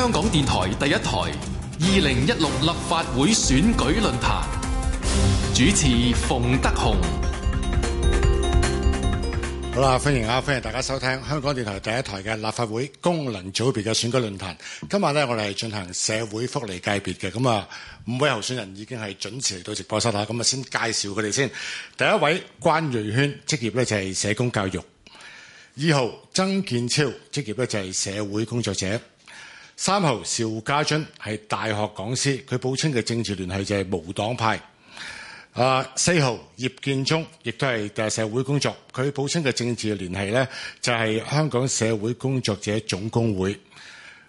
香港電台第一台二零一六立法會選舉論壇主持馮德宏，好啦，歡迎啊，歡迎大家收聽香港電台第一台嘅立法會功能組別嘅選舉論壇。今日咧，我哋係進行社會福利界別嘅。咁啊，五位候選人已經係準時嚟到直播室啦。咁啊，先介紹佢哋先。第一位關銳煊，職業咧就係社工教育。二號曾建超，職業咧就係社會工作者。三號邵家俊係大學講師，佢報稱嘅政治聯繫就係無黨派。啊，四號葉建忠亦都係社會工作，佢報稱嘅政治聯繫呢，就係香港社會工作者總工會。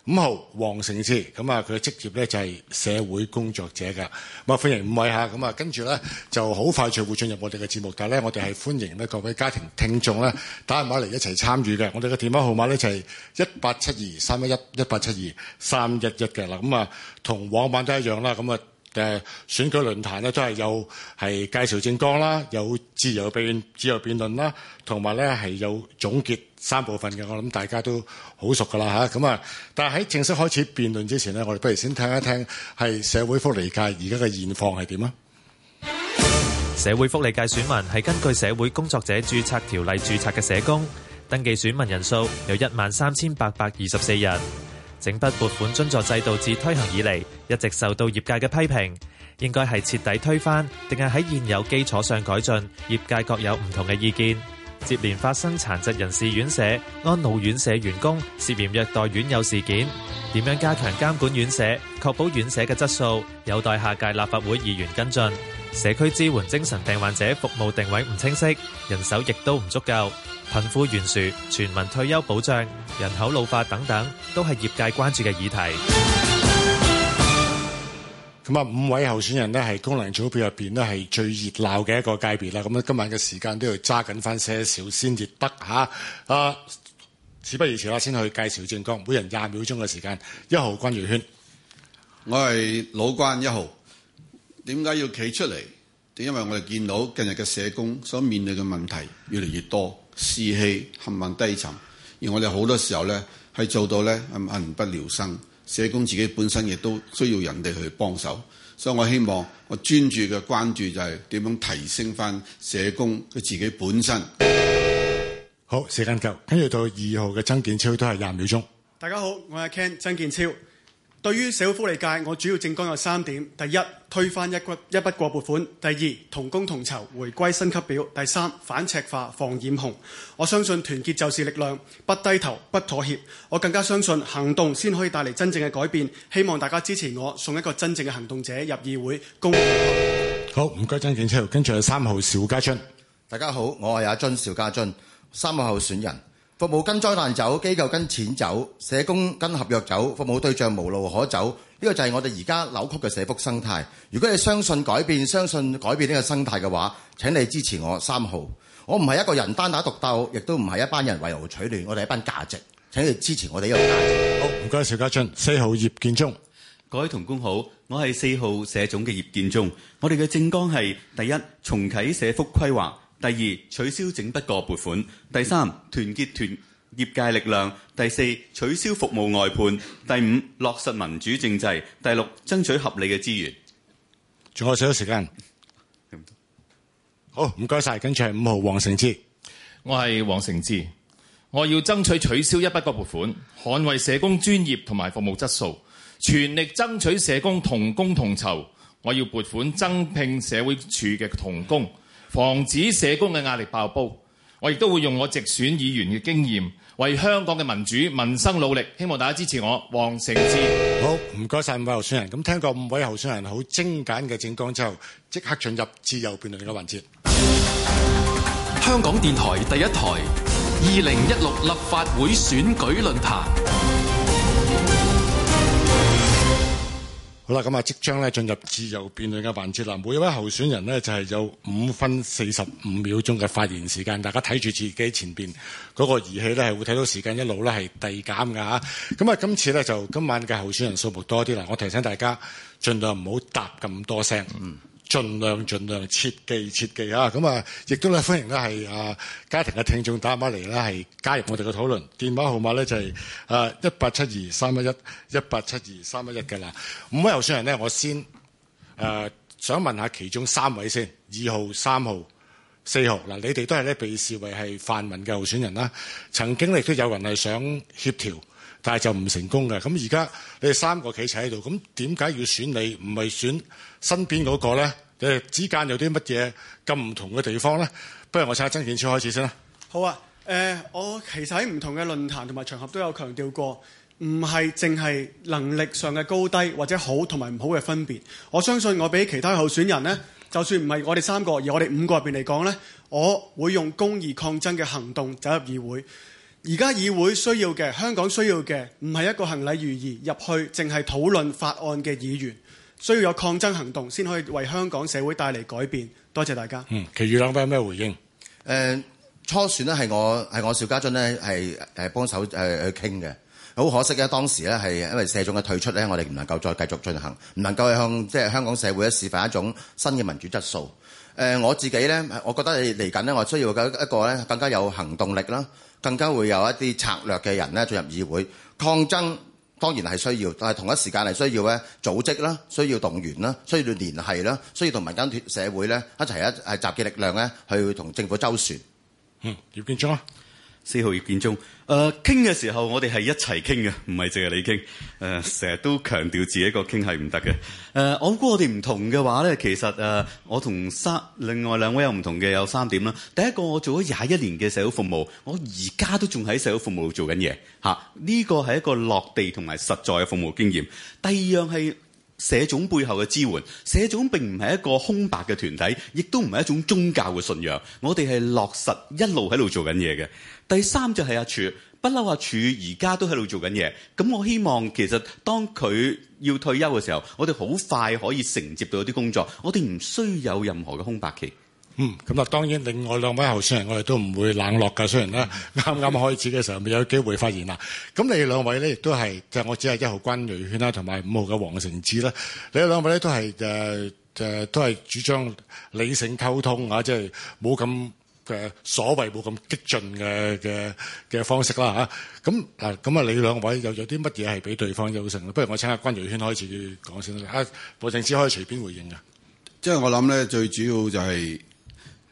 五號黃成志，咁啊佢嘅職業咧就係社會工作者㗎，咁啊歡迎五位下，咁啊跟住咧就好快就會進入我哋嘅節目，但係咧我哋係歡迎咧各位家庭聽眾咧打電話嚟一齊參與嘅，我哋嘅電話號碼咧就係一八七二三一一一八七二三一一嘅啦，咁啊同往晚都一樣啦，咁啊誒選舉論壇咧都係有係介紹政綱啦，有自由辯自由辯論啦，同埋咧係有總結。三部分嘅，我諗大家都好熟噶啦吓，咁啊，但係喺正式開始辯論之前咧，我哋不如先聽一聽係社會福利界而家嘅現況係點啊？社會福利界選民係根據社會工作者注冊條例注冊嘅社工，登記選民人數有一萬三千八百二十四人。整筆撥款津助制度自推行以嚟一直受到業界嘅批評，應該係徹底推翻定係喺現有基礎上改進，業界各有唔同嘅意見。接連發生殘疾人士院舍、安老院舍員工涉嫌虐待院友事件，點樣加強監管院舍，確保院舍嘅質素，有待下屆立法會議員跟進。社區支援精神病患者服務定位唔清晰，人手亦都唔足夠。貧富懸殊、全民退休保障、人口老化等等，都係業界關注嘅議題。咁啊，五位候選人咧係功能組別入邊咧係最熱鬧嘅一個界別啦。咁啊，今晚嘅時間都要揸緊翻些少先至得吓啊，事不宜遲啦，先去介紹政綱，每人廿秒鐘嘅時間。一號關注圈，我係老關一號，點解要企出嚟？就因為我哋見到近日嘅社工所面對嘅問題越嚟越多，士氣冚唪唥低沉，而我哋好多時候咧係做到咧係民不聊生。社工自己本身亦都需要人哋去幫手，所以我希望我專注嘅關注就係點樣提升翻社工佢自己本身。好，時間夠，跟住到二號嘅曾建超都係廿秒鐘。大家好，我係 Ken 曾建超。對於社會福利界，我主要政綱有三點，第一，推翻一骨一筆過撥款；第二，同工同酬，回歸薪級表；第三，反赤化，防染紅。我相信團結就是力量，不低頭，不妥協。我更加相信行動先可以帶來真正的改變。希望大家支持我，送一個真正的行動者入議會。公好，唔該，張警車，跟住係三號邵家俊。大家好，我係阿俊，邵家俊，三號候選人。服務跟災難走，機構跟錢走，社工跟合約走，服務對象無路可走。呢個就係我哋而家扭曲嘅社福生態。如果你相信改變、相信改變呢個生態嘅話，請你支持我三號。我唔係一個人單打獨鬥，亦都唔係一班人圍爐取暖。我哋一班價值，請你支持我哋呢個價值。好，唔該，邵家俊。四號葉建忠，各位同工好，我係四號社總嘅葉建忠。我哋嘅政綱係第一，重啟社福規劃。第二取消整筆過撥款，第三團結團業界力量，第四取消服務外判，第五落實民主政制，第六爭取合理嘅資源。仲有少少時間，好唔該晒。跟住係五號王成志，我係王成志，我要爭取取消一筆過撥款，捍衛社工專業同埋服務質素，全力爭取社工同工同酬，我要撥款增聘社會處嘅同工。防止社工嘅壓力爆煲，我亦都會用我直選議員嘅經驗，為香港嘅民主民生努力。希望大家支持我，黃成志。好，唔該晒五位候選人。咁聽過五位候選人好精簡嘅政綱之後，即刻進入自由辯論嘅環節。香港電台第一台，二零一六立法會選舉論壇。好啦，咁啊，即將咧進入自由辯論嘅環節啦。每一位候選人咧就係有五分四十五秒鐘嘅發言時間，大家睇住自己前邊嗰個儀器咧係會睇到時間一路咧係遞減噶吓。咁啊，今次咧就今晚嘅候選人數目多啲啦。我提醒大家盡量唔好答咁多聲。嗯儘量儘量切記設計，設計啊！咁啊，亦都咧歡迎咧係啊家庭嘅聽眾打返嚟啦係加入我哋嘅討論。電話號碼咧就係誒一八七二三一一一八七二三一一嘅啦。五位候選人咧，我先誒、啊、想問下其中三位先，二號、三號、四號嗱、啊，你哋都係咧被視為係泛民嘅候選人啦、啊。曾經亦都有人係想協調。但係就唔成功嘅，咁而家你哋三個企齊喺度，咁點解要選你？唔係選身邊嗰個呢？你哋之間有啲乜嘢咁唔同嘅地方呢？不如我請下曾健超開始先啦。好啊，誒、呃，我其實喺唔同嘅論壇同埋場合都有強調過，唔係淨係能力上嘅高低或者好同埋唔好嘅分別。我相信我比其他候選人呢，就算唔係我哋三個，而我哋五個入面嚟講呢，我會用公義抗爭嘅行動走入議會。而家議會需要嘅，香港需要嘅，唔係一個行禮如儀入去，淨係討論法案嘅議員，需要有抗爭行動先可以為香港社會帶嚟改變。多謝大家。嗯，其餘兩位有咩回應？誒、呃、初選呢係我係我邵家俊呢係誒幫手去去傾嘅。好可惜咧，當時咧係因為社總嘅退出咧，我哋唔能夠再繼續進行，唔能夠向即係香港社會咧示範一種新嘅民主質素。誒、呃、我自己咧，我覺得嚟緊呢，我需要嘅一個咧，更加有行動力啦。更加會有一啲策略嘅人咧進入議會抗爭，當然係需要，但係同一時間係需要咧組織啦，需要動員啦，需要聯繫啦，需要同民間社會咧一齊一係集結力量咧去同政府周旋。嗯，葉建聰。四號葉建中，誒傾嘅時候，我哋係一齊傾嘅，唔係淨係你傾。誒、呃，成日都強調自己一個傾係唔得嘅。誒、呃，我估我哋唔同嘅話咧，其實誒、呃，我同三另外兩位有唔同嘅，有三點啦。第一個，我做咗廿一年嘅社會服務，我而家都仲喺社會服務做緊嘢吓。呢個係一個落地同埋實在嘅服務經驗。第二樣係社總背後嘅支援，社總並唔係一個空白嘅團體，亦都唔係一種宗教嘅信仰。我哋係落實一路喺度做緊嘢嘅。第三就係阿柱，不嬲阿柱而家都喺度做緊嘢。咁我希望其實當佢要退休嘅時候，我哋好快可以承接到啲工作。我哋唔需有任何嘅空白期。嗯，咁啊，當然另外兩位候選人我哋都唔會冷落㗎。雖然咧，啱啱開始嘅時候未有機會發言啦。咁、嗯、你兩位咧亦都係，就係我只係一號君瑞軒啦，同埋五號嘅黃成志啦。你兩位咧都係誒誒，都係主張理性溝通啊，即係冇咁。嘅所謂冇咁激進嘅嘅嘅方式啦嚇，咁咁啊，你兩位又有啲乜嘢係俾對方優勝咧？不如我請阿關耀軒開始講先啦嚇。報政司可以隨便回應嘅，即係我諗咧，最主要就係、是、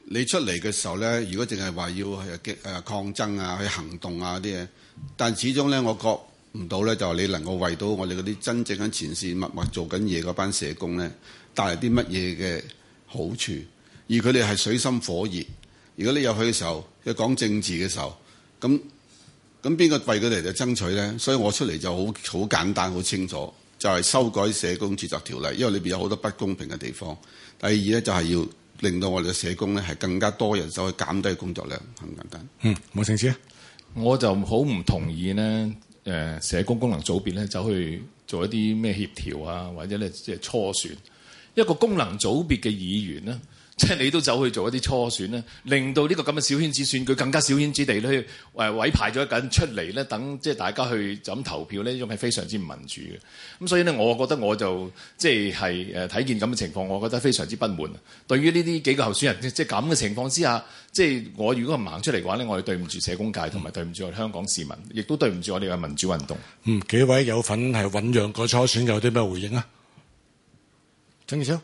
你出嚟嘅時候咧，如果淨係話要去激、啊、抗爭啊，去行動啊啲嘢，但始終咧，我覺唔到咧，就係你能夠為到我哋嗰啲真正喺前線默默做緊嘢嗰班社工咧，帶嚟啲乜嘢嘅好處，而佢哋係水深火熱。如果你入去嘅時候，要講政治嘅時候，咁咁邊個為佢哋就爭取咧？所以我出嚟就好好簡單、好清楚，就係、是、修改社工註冊條例，因為裏面有好多不公平嘅地方。第二咧，就係要令到我哋嘅社工咧，係更加多人手去減低工作量，很唔簡單？嗯，黃成智、啊、我就好唔同意咧，社工功能組別咧，走去做一啲咩協調啊，或者咧即係初選，一個功能組別嘅議員咧。即係你都走去做一啲初選咧，令到呢個咁嘅小圈子選舉更加小圈子地去委派咗一緊出嚟咧，等即係大家去就咁投票呢，呢種係非常之唔民主嘅。咁所以咧，我覺得我就即係係誒睇見咁嘅情況，我覺得非常之不滿。對於呢啲幾個候選人即係咁嘅情況之下，即係我如果唔行出嚟嘅話咧，我哋對唔住社工界，同埋對唔住我哋香港市民，亦都對唔住我哋嘅民主運動。嗯，幾位有份係醞釀過初選有啲咩回應啊？正常。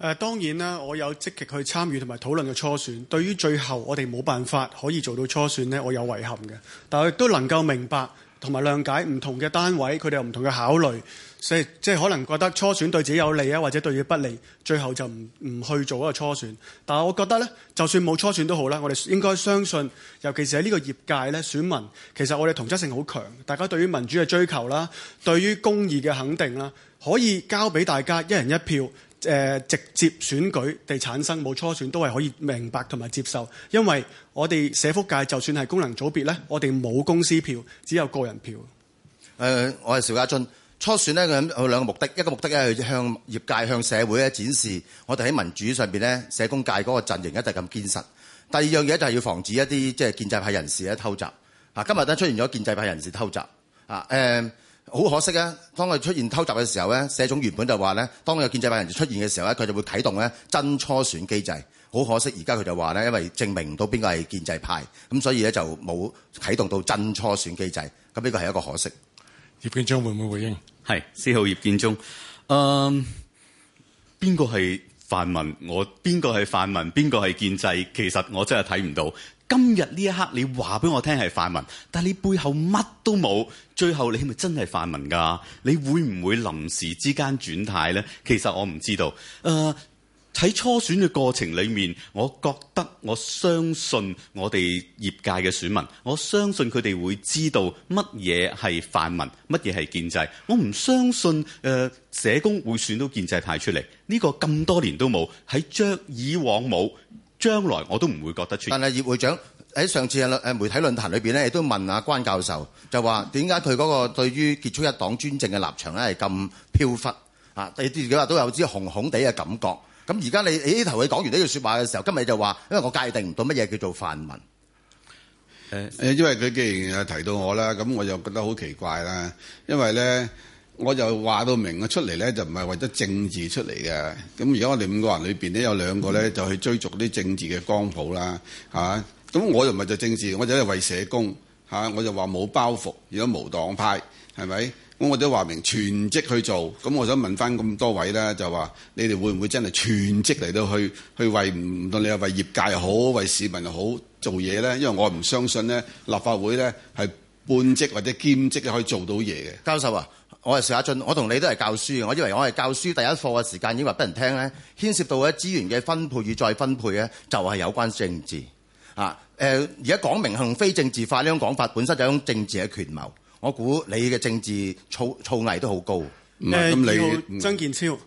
誒當然啦，我有積極去參與同埋討論嘅初選。對於最後我哋冇辦法可以做到初選呢，我有遺憾嘅。但係我亦都能夠明白同埋諒解唔同嘅單位，佢哋有唔同嘅考慮，所以即係、就是、可能覺得初選對自己有利啊，或者對自己不利，最後就唔唔去做一個初選。但我覺得呢，就算冇初選都好啦，我哋應該相信，尤其是喺呢個業界呢，選民其實我哋同質性好強，大家對於民主嘅追求啦，對於公義嘅肯定啦，可以交俾大家一人一票。誒、呃、直接選舉地產生冇初選都係可以明白同埋接受，因為我哋社福界就算係功能組別咧，我哋冇公司票，只有個人票。呃、我係邵家俊，初選咧，佢有兩個目的，一個目的咧係向業界、向社會咧展示，我哋喺民主上面咧，社工界嗰個陣營一直咁堅實。第二樣嘢就係要防止一啲即係建制派人士咧偷襲。啊，今日咧出現咗建制派人士偷襲。啊，好可惜啊！當佢出現偷襲嘅時候咧，社總原本就話咧，當有建制派人出現嘅時候咧，佢就會啟動咧真初選機制。好可惜，而家佢就話咧，因為證明唔到邊個係建制派，咁所以咧就冇啟動到真初選機制。咁呢個係一個可惜。葉建中會唔會回應？係四號葉建中。嗯、uh，邊個係？泛民，我邊個係泛民，邊個係建制？其實我真係睇唔到。今日呢一刻，你話俾我聽，係泛民，但係你背後乜都冇，最後你係咪真係泛民㗎？你會唔會臨時之間轉態咧？其實我唔知道。呃喺初選嘅過程裏面，我覺得我相信我哋業界嘅選民，我相信佢哋會知道乜嘢係泛民，乜嘢係建制。我唔相信誒、呃、社工會選到建制派出嚟，呢、呢個咁多年都冇，喺將以往冇，將來我都唔會覺得出。但係葉會長喺上次誒誒媒體論壇裏邊咧，亦都問阿關教授，就話點解佢嗰個對於結束一黨專政嘅立場咧係咁飄忽啊？亦都佢話都有啲紅紅地嘅感覺。咁而家你，起頭佢講完呢句說話嘅時候，今日就話，因為我界定唔到乜嘢叫做泛民。誒，因為佢既然提到我啦，咁我就覺得好奇怪啦。因為咧，我就話到明啊，出嚟咧就唔係為咗政治出嚟嘅。咁而家我哋五個人裏邊咧，有兩個咧就去追逐啲政治嘅光譜啦，咁我又唔係做政治，我就係為社工，吓，我就話冇包袱，而家無黨派，係咪？咁我都話明全職去做，咁我想問返咁多位呢，就話你哋會唔會真係全職嚟到去去為唔論你話為業界好，為市民好做嘢呢？因為我唔相信呢，立法會呢係半職或者兼職咧可以做到嘢嘅。教授啊，我係邵家臻，我同你都係教書嘅。我以為我係教書第一課嘅時間已經話俾人聽呢，牽涉到咧資源嘅分配與再分配呢，就係有關政治啊。呃，而家講明係非政治化呢種講法，本身就係一種政治嘅權謀。我估你嘅政治操操藝都好高。誒、嗯，嗯、你好，叫曾健超，嗯、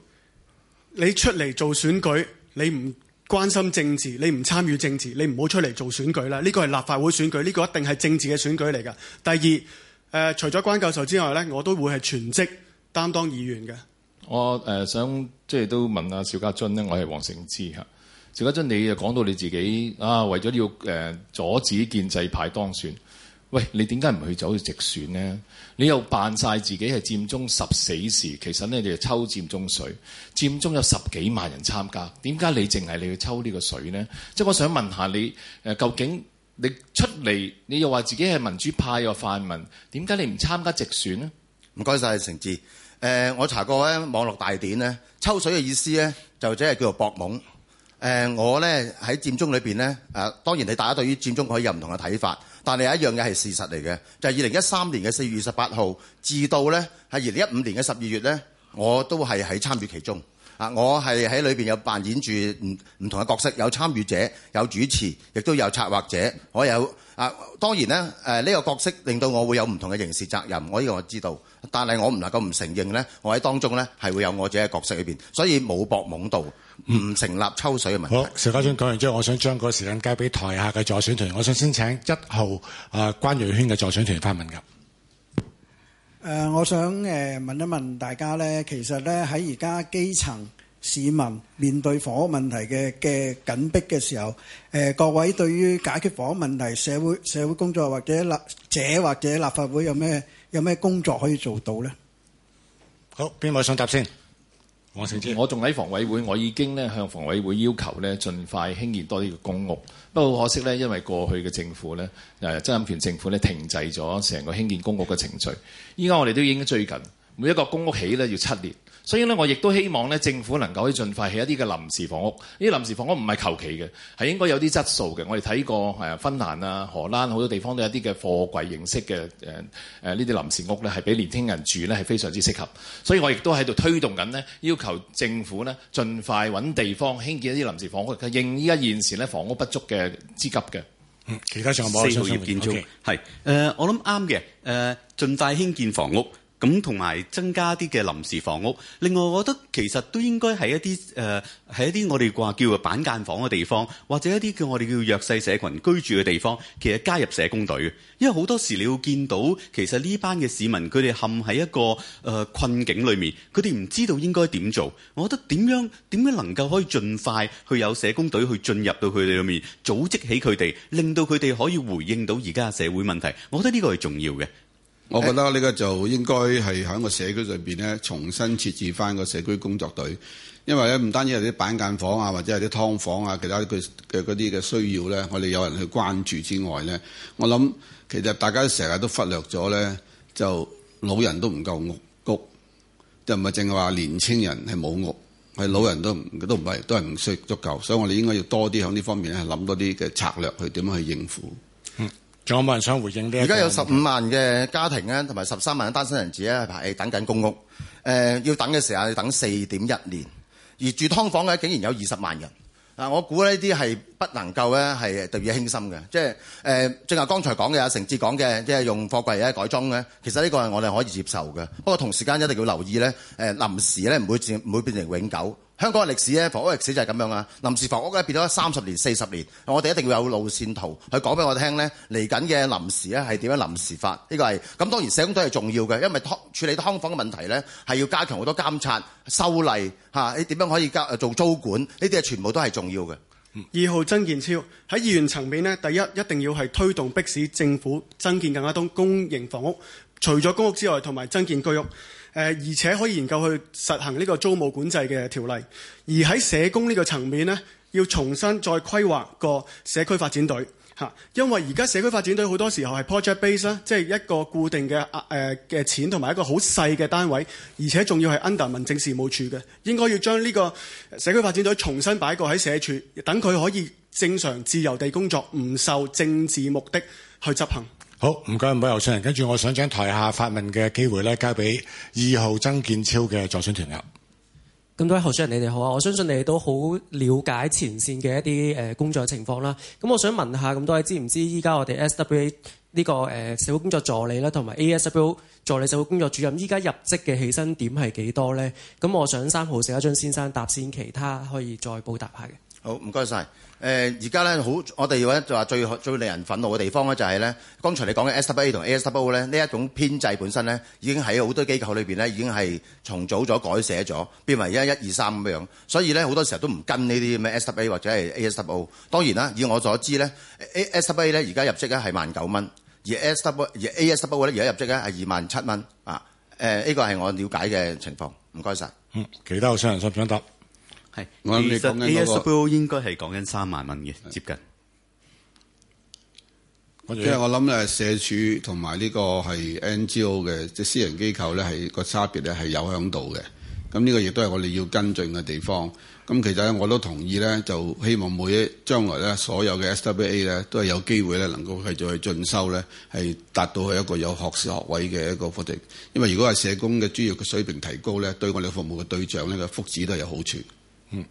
你出嚟做選舉，你唔關心政治，你唔參與政治，你唔好出嚟做選舉啦。呢、這個係立法會選舉，呢、這個一定係政治嘅選舉嚟㗎。第二，呃、除咗關教授之外咧，我都會係全職擔當議員嘅、呃啊。我想即係都問阿邵家臻咧，我係黃成志嚇。邵家臻，你又講到你自己啊，為咗要誒、呃、阻止建制派當選。喂，你點解唔去走去直選呢？你又扮晒自己係佔中十死士，其實呢你就抽佔中水，佔中有十幾萬人參加，點解你淨係你去抽呢個水呢？即、就、係、是、我想問下你究竟你出嚟，你又話自己係民主派嘅泛民，點解你唔參加直選呢？唔該晒，成志誒、呃，我查過咧網絡大典呢，抽水嘅意思呢，就即係叫做博懵、呃、我呢，喺佔中裏面呢，誒、啊，當然你大家對於佔中可以有唔同嘅睇法。但係一樣嘢係事實嚟嘅，就係二零一三年嘅四月二十八號至到呢，係二零一五年嘅十二月呢，我都係喺參與其中啊！我係喺裏面有扮演住唔唔同嘅角色，有參與者，有主持，亦都有策劃者，我有。啊，當然咧，誒、呃、呢、這個角色令到我會有唔同嘅刑事責任，我呢個我知道。但係我唔能夠唔承認呢我喺當中呢係會有我自己嘅角色裏邊，所以冇搏懵道唔、嗯、成立抽水嘅問題。好，邵家俊講完之後，我想將個時間交俾台下嘅助選團。我想先請一號啊、呃、關瑞軒嘅助選團發問噶。誒、呃，我想誒、呃、問一問大家呢，其實呢喺而家基層。市民面對房屋問題嘅嘅緊迫嘅時候，誒各位對於解決房屋問題，社會社會工作或者立者或者立法會有咩有咩工作可以做到呢？好，邊位想答先？黃成志，我仲喺房委會，我已經咧向房委會要求咧，盡快興建多啲嘅公屋。不過可惜呢，因為過去嘅政府呢，誒曾蔭權政府呢停滯咗成個興建公屋嘅程序。依家我哋都已經最近，每一個公屋起呢要七年。所以咧，我亦都希望咧，政府能夠去盡快起一啲嘅臨時房屋。呢啲臨時房屋唔係求其嘅，係應該有啲質素嘅。我哋睇過芬蘭啊、荷蘭好多地方都有一啲嘅貨櫃形式嘅誒呢啲臨時屋咧，係俾年輕人住咧係非常之適合。所以我亦都喺度推動緊呢要求政府呢盡快揾地方興建一啲臨時房屋，應依家現時咧房屋不足嘅之急嘅、嗯。其他仲有冇號業建築係 Okay.、okay. 呃、我諗啱嘅誒，盡快興建房屋。咁同埋增加啲嘅臨時房屋，另外我覺得其實都應該喺一啲誒喺一啲我哋話叫做板間房嘅地方，或者一啲叫我哋叫弱勢社群居住嘅地方，其實加入社工隊，因為好多時你會見到其實呢班嘅市民佢哋陷喺一個誒、呃、困境裏面，佢哋唔知道應該點做。我覺得點樣點樣能夠可以盡快去有社工隊去進入到佢哋裏面，組織起佢哋，令到佢哋可以回應到而家嘅社會問題，我覺得呢個係重要嘅。我覺得呢個就應該係喺個社區裏面咧，重新設置翻個社區工作隊，因為咧唔單止係啲板間房啊，或者係啲劏房啊，其他嘅嘅嗰啲嘅需要咧，我哋有人去關注之外咧，我諗其實大家成日都忽略咗咧，就老人都唔夠屋谷，就唔係淨係話年青人係冇屋，係老人都都唔係都係唔需足夠，所以我哋應該要多啲喺呢方面咧諗多啲嘅策略去點樣去應付。仲有冇人想回應呢、這個？而家有十五萬嘅家庭咧，同埋十三萬嘅單身人士咧，等緊公屋。誒、呃，要等嘅時候要等四點一年，而住劏房嘅竟然有二十萬人。我估呢啲係不能夠咧係掉以輕心嘅，即係誒，正、呃、係剛才講嘅阿成志講嘅，即係用貨櫃咧改裝咧。其實呢個係我哋可以接受嘅，不過同時間一定要留意咧誒、呃，臨時咧唔會唔會變成永久。香港嘅歷史呢，房屋歷史就係噉樣啊。臨時房屋變咗三十年、四十年，我哋一定要有路線圖，去講畀我聽呢，嚟緊嘅臨時呢係點樣臨時法？呢個係噉，當然社工都係重要嘅，因為處理劏房嘅問題呢，係要加強好多監察、修例嚇，你點樣可以做租管？呢啲係全部都係重要嘅。二號曾健超喺議員層面呢，第一一定要係推動迫使政府增建更加多公營房屋，除咗公屋之外，同埋增建居屋，誒而且可以研究去實行呢個租務管制嘅條例，而喺社工呢個層面呢，要重新再規劃個社區發展隊。因為而家社區發展隊好多時候係 project base 啦，即係一個固定嘅誒嘅錢同埋一個好細嘅單位，而且仲要係 under 民政事務處嘅，應該要將呢個社區發展隊重新擺過喺社署，等佢可以正常自由地工作，唔受政治目的去執行。好，唔該唔好劉俊仁，跟住我想將台下發問嘅機會咧交俾二號曾建超嘅助選團友。咁多位候選人你哋好啊！我相信你哋都好了解前線嘅一啲誒工作情況啦。咁我想問下，咁多位知唔知依家我哋 SWA 呢個誒社會工作助理啦，同埋 ASW 助理社會工作主任，依家入職嘅起薪點係幾多呢？咁我想三號社一張先生答先，其他可以再補答下嘅。好，唔該晒。誒而家咧好，我哋要話最最令人憤怒嘅地方咧就係咧，剛才你講嘅 S W A 同 A S W O 咧，呢一種編制本身咧，已經喺好多機構裏面咧已經係重組咗、改寫咗，變為一一二三咁樣。所以咧好多時候都唔跟呢啲咁嘅 S W A 或者係 A S W O。當然啦，以我所知咧，A S W A 咧而家入職咧係萬九蚊，而 S W 而 A S W 咧而家入職咧係二萬七蚊。啊，誒呢個係我了解嘅情況。唔該晒，嗯，其他好市人想唔想答？係是我諗想你其實 ASBO 應該係講緊三萬蚊嘅接近。即係我諗咧，社署同埋呢個係 N G O 嘅即係、就是、私人機構咧，係個差別咧係有喺度嘅。咁呢個亦都係我哋要跟進嘅地方。咁其實咧，我都同意咧，就希望每一將來咧，所有嘅 S W A 咧都係有機會咧，能夠繼續去進修咧，係達到佢一個有學士學位嘅一個課程。因為如果係社工嘅專業嘅水平提高咧，對我哋服務嘅對象呢嘅福祉都係有好處。嗯，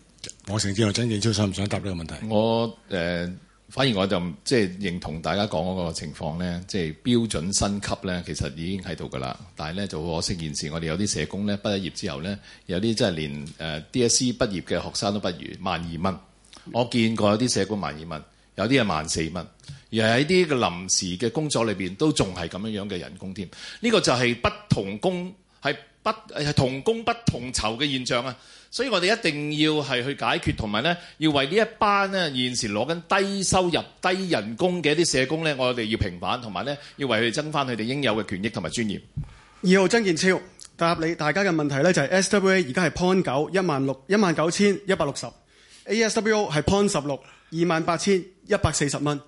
我成日問我曾建超想唔想答呢個問題。我誒、呃，反而我就即係、就是、認同大家講嗰個情況咧，即、就、係、是、標準薪級咧，其實已經喺度噶啦。但係咧就好可惜，現時我哋有啲社工咧，畢業之後咧，有啲真係連誒 DSE 畢業嘅學生都不如，萬二蚊。我見過有啲社工萬二蚊，有啲係萬四蚊，而係喺啲嘅臨時嘅工作裏邊，都仲係咁樣樣嘅人工添。呢、這個就係不同工係不係同工不同酬嘅現象啊！所以我哋一定要係去解決，同埋咧要為呢一班咧現時攞緊低收入、低人工嘅一啲社工咧，我哋要平反，同埋咧要為佢哋爭翻佢哋應有嘅權益同埋尊嚴。二號曾建超答你大家嘅問題咧，就係 SWA 而家係 point 九一萬六一萬九千一百六十，ASWO 係 point 十六二萬八千一百四十蚊，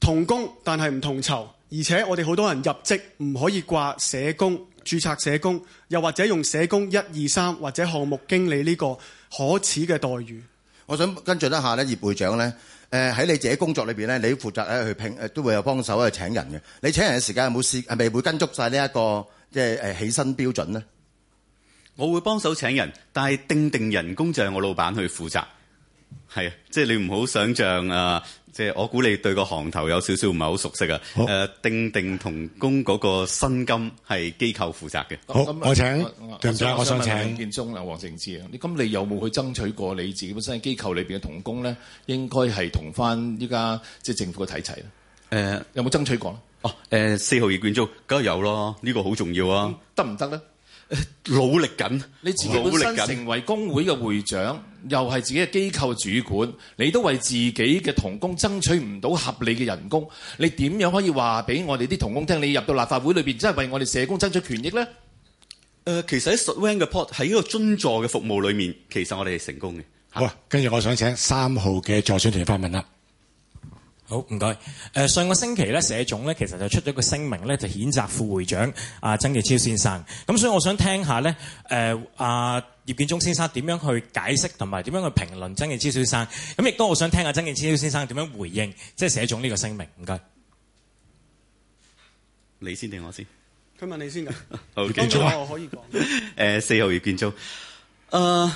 同工但係唔同酬，而且我哋好多人入職唔可以掛社工。註冊社工，又或者用社工一二三或者項目經理呢個可恥嘅待遇。我想跟進一下咧，葉會長咧，誒喺你自己工作裏邊咧，你負責喺去聘誒都會有幫手喺度請人嘅。你請人嘅時間有冇試係咪會跟足晒呢一個即係誒起薪標準咧？我會幫手請人，但係定定人工就係我老闆去負責。係、就是、啊，即係你唔好想象啊。即係我估你對個行頭有少少唔係好熟悉啊！誒好、呃，定定同工嗰個薪金係機構負責嘅。好，我請我想請建中啊，黃成志啊，你咁你有冇去爭取過你自己本身喺機構裏邊嘅同工咧？應該係同翻依家即係政府嘅體制咧。誒、呃，有冇爭取過咧？哦、呃，誒、呃，四號二建中梗係有咯，呢、呢個好重要啊！得唔得咧？行努力緊，你自己本身成為工會嘅會長，又係自己嘅機構主管，你都為自己嘅同工爭取唔到合理嘅人工，你點樣可以話俾我哋啲同工聽？你入到立法會裏邊，真係為我哋社工爭取權益咧？誒、呃，其實喺 Sullivan 嘅 Pod 喺呢個尊助嘅服務裏面，其實我哋係成功嘅。好，跟住我想請三號嘅助選團發問啦。好唔該，誒上個星期咧社總咧其實就出咗個聲明咧，就譴責副會長阿曾健超先生。咁所以我想聽下咧，誒阿葉建忠先生點樣去解釋同埋點樣去評論曾健超先生。咁亦都我想聽下曾健超先生點樣回應，即係社總呢個聲明。唔該，你先定我先？佢問你先㗎。 好，我可以講。誒， 四號葉建忠。誒。Uh,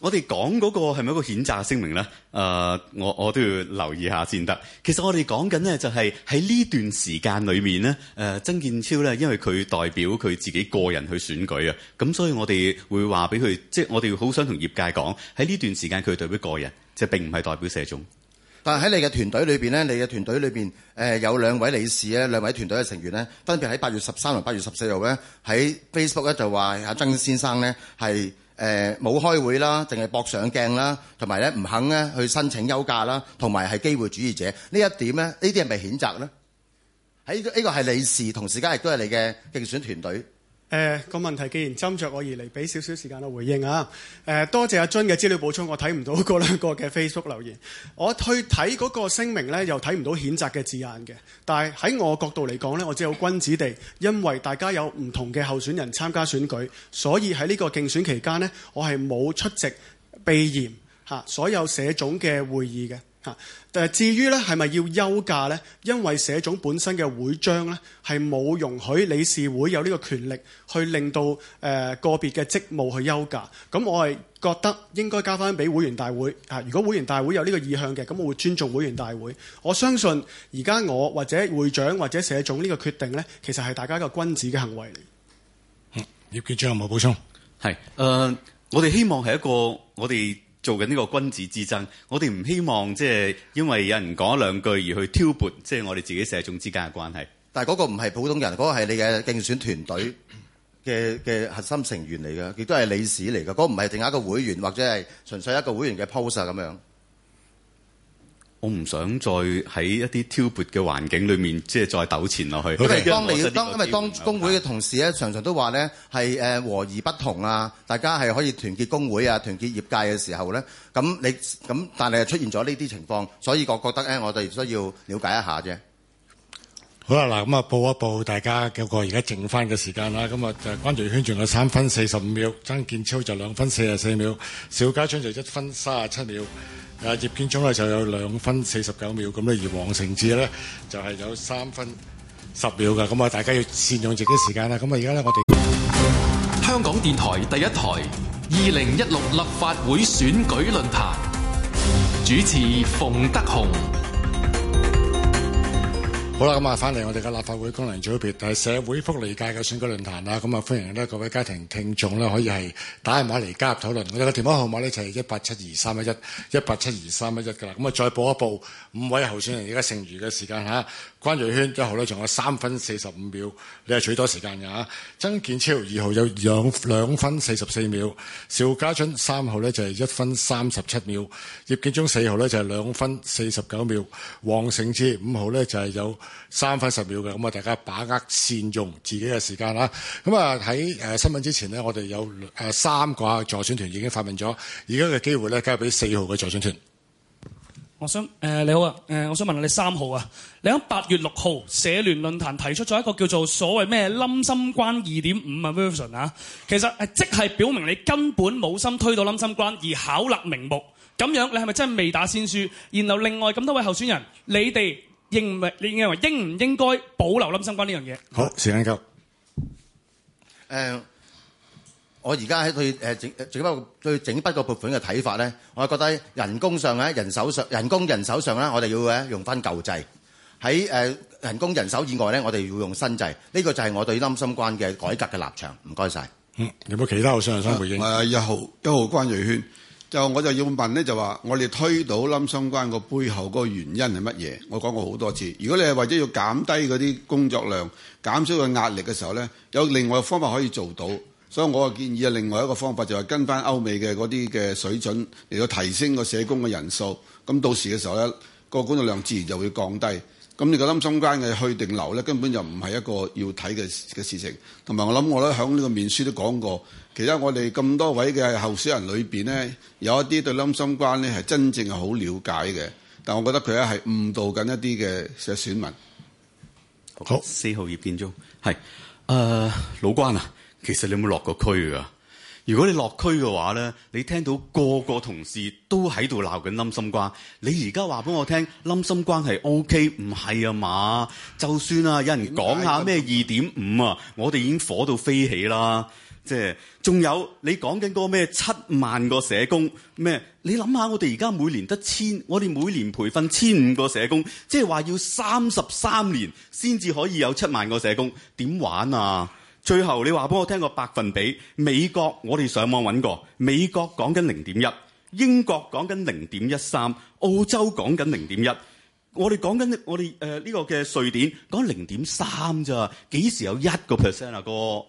我哋講嗰個係咪一個譴責聲明呢？誒、呃，我我都要留意下先得。其實我哋講緊呢，就係喺呢段時間裏面呢，誒、呃，曾建超呢，因為佢代表佢自己個人去選舉啊，咁所以我哋會話俾佢，即係我哋好想同業界講，喺呢段時間佢代表個人，即係並唔係代表社眾。但係喺你嘅團隊裏面呢，你嘅團隊裏面誒、呃、有兩位理事咧，兩位團隊嘅成員呢，分別喺八月十三同八月十四號呢，喺 Facebook 咧就話阿曾先生呢係。呃，冇開會啦，淨係博上鏡啦，同埋咧唔肯咧去申請休假啦，同埋係機會主義者呢一點咧，是是呢啲人係咪譴責咧？喺、呢個、呢個係你事，同時間亦都係你嘅競選團隊。誒、呃這個問題既然斟酌我而嚟，俾少少時間我回應啊！誒、呃、多謝阿 j 嘅資料補充，我睇唔到嗰兩個嘅 Facebook 留言。我去睇嗰個聲明呢，又睇唔到譴責嘅字眼嘅。但係喺我角度嚟講呢，我只有君子地，因為大家有唔同嘅候選人參加選舉，所以喺呢個競選期間呢，我係冇出席秘嚴所有社總嘅會議嘅。嚇！至於咧，係咪要休假呢？因為社總本身嘅會章呢，係冇容許理事會有呢個權力去令到誒個別嘅職務去休假。咁我係覺得應該交翻俾會員大會嚇。如果會員大會有呢個意向嘅，咁我會尊重會員大會。我相信而家我或者會長或者社總呢個決定呢，其實係大家一個君子嘅行為嚟。嗯，葉建章有冇補充？係誒、uh，我哋希望係一個我哋。做緊呢個君子之爭，我哋唔希望即係因為有人講兩句而去挑撥，即係我哋自己社眾之間嘅關係。但係嗰個唔係普通人，嗰、嗰個係你嘅競選團隊嘅嘅核心成員嚟嘅，亦都係理事嚟嘅。嗰唔係定係一個會員，或者係純粹一個會員嘅 post 咁樣。我唔想再喺一啲挑撥嘅環境裏面，即係再糾纏落去。Okay, 因為當你要因為當工會嘅同事咧，嗯、常常都話咧係誒和而不同啊，大家係可以團結工會啊，團結業界嘅時候咧，咁你咁但係出現咗呢啲情況，所以我覺得咧，我哋需要了解一下啫。好啦，嗱咁啊，報一報大家個個而家剩翻嘅時間啦。咁啊，就係關注圈仲有三分四十五秒，曾建超就兩分四十四秒，小家春就一分三十七秒。啊！葉建聰咧就有兩分四十九秒咁咧，而黃成智咧就係、是、有三分十秒嘅，咁啊，大家要善用自己時間啦。咁啊，而家咧我哋香港電台第一台二零一六立法會選舉論壇主持馮德雄。好啦，咁啊，翻嚟我哋嘅立法會功能組別，誒社會福利界嘅選舉論壇啦，咁啊，歡迎呢各位家庭聽眾呢，可以係打電話嚟加入討論，我哋嘅電話號碼呢，就係一八七二三一一一八七二三一一㗎喇，咁啊，再播一播五位候選人而家剩餘嘅時間嚇。關瑞軒一號咧仲有三分四十五秒，你係取多時間㗎嚇。曾建超二號有兩兩分四十四秒。邵家春三號咧就係一分三十七秒。葉建忠四號咧就係兩分四十九秒。黃勝之五號咧就係有三分十秒嘅。咁啊，大家把握善用自己嘅時間啦。咁啊喺新聞之前呢，我哋有三個啊助選團已經發問咗，而家嘅機會咧交俾四號嘅助選團。我想誒，你好啊誒，我想問下你三號啊，你喺八月六號社聯論壇提出咗一個叫做所謂咩冧心關二點五啊，Version 啊，其實係即係表明你根本冇心推到冧心關，而巧立名目咁樣，你係咪真係未打先輸？然後另外咁多位候選人，你哋認為你認為應唔應該保留冧心關呢樣嘢？好，時間夠誒。我而家喺對誒整，整筆對整筆個撥款嘅睇法咧，我覺得人工上咧、人手上、人工人手上咧，我哋要用翻舊制喺誒人工人手以外咧，我哋要用新制。呢、呢個就係我對冧心關嘅改革嘅立場。唔該晒，嗯，有冇其他好想量想回應？一號一號關瑞軒就我就要問咧，就話我哋推倒冧心關個背後個原因係乜嘢？我講過好多次，如果你係為咗要減低嗰啲工作量、減少個壓力嘅時候咧，有另外個方法可以做到。所以我建議啊，另外一個方法就係、是、跟翻歐美嘅嗰啲嘅水準嚟到提升個社工嘅人數。咁到時嘅時候，呢個工作量自然就會降低。咁你、嗯這個冧心關嘅去定留呢，根本就唔係一個要睇嘅嘅事情。同埋我諗，我咧響呢個面書都講過，其實我哋咁多位嘅候選人裏邊呢，有一啲對冧心關呢係真正係好了解嘅。但我覺得佢咧係誤導緊一啲嘅社選民。好，四號葉建中係誒、呃、老關啊。其實你有冇落過區㗎？如果你落區嘅話呢，你聽到個個同事都喺度鬧緊冧心瓜。你而家話俾我聽，冧心瓜係 OK 唔係啊嘛？就算啊，有人講下咩二點五啊，我哋已經火到飛起啦！即係仲有你講緊嗰個咩七萬個社工咩？你諗下，我哋而家每年得千，我哋每年培訓千五個社工，即係話要三十三年先至可以有七萬個社工，點玩啊？最後你話俾我聽個百分比，美國我哋上網揾過，美國講緊零點一，英國講緊零點一三，澳洲講緊零點一，我哋講緊我哋誒呢個嘅瑞典講零點三咋，幾時有一個 percent 啊，哥？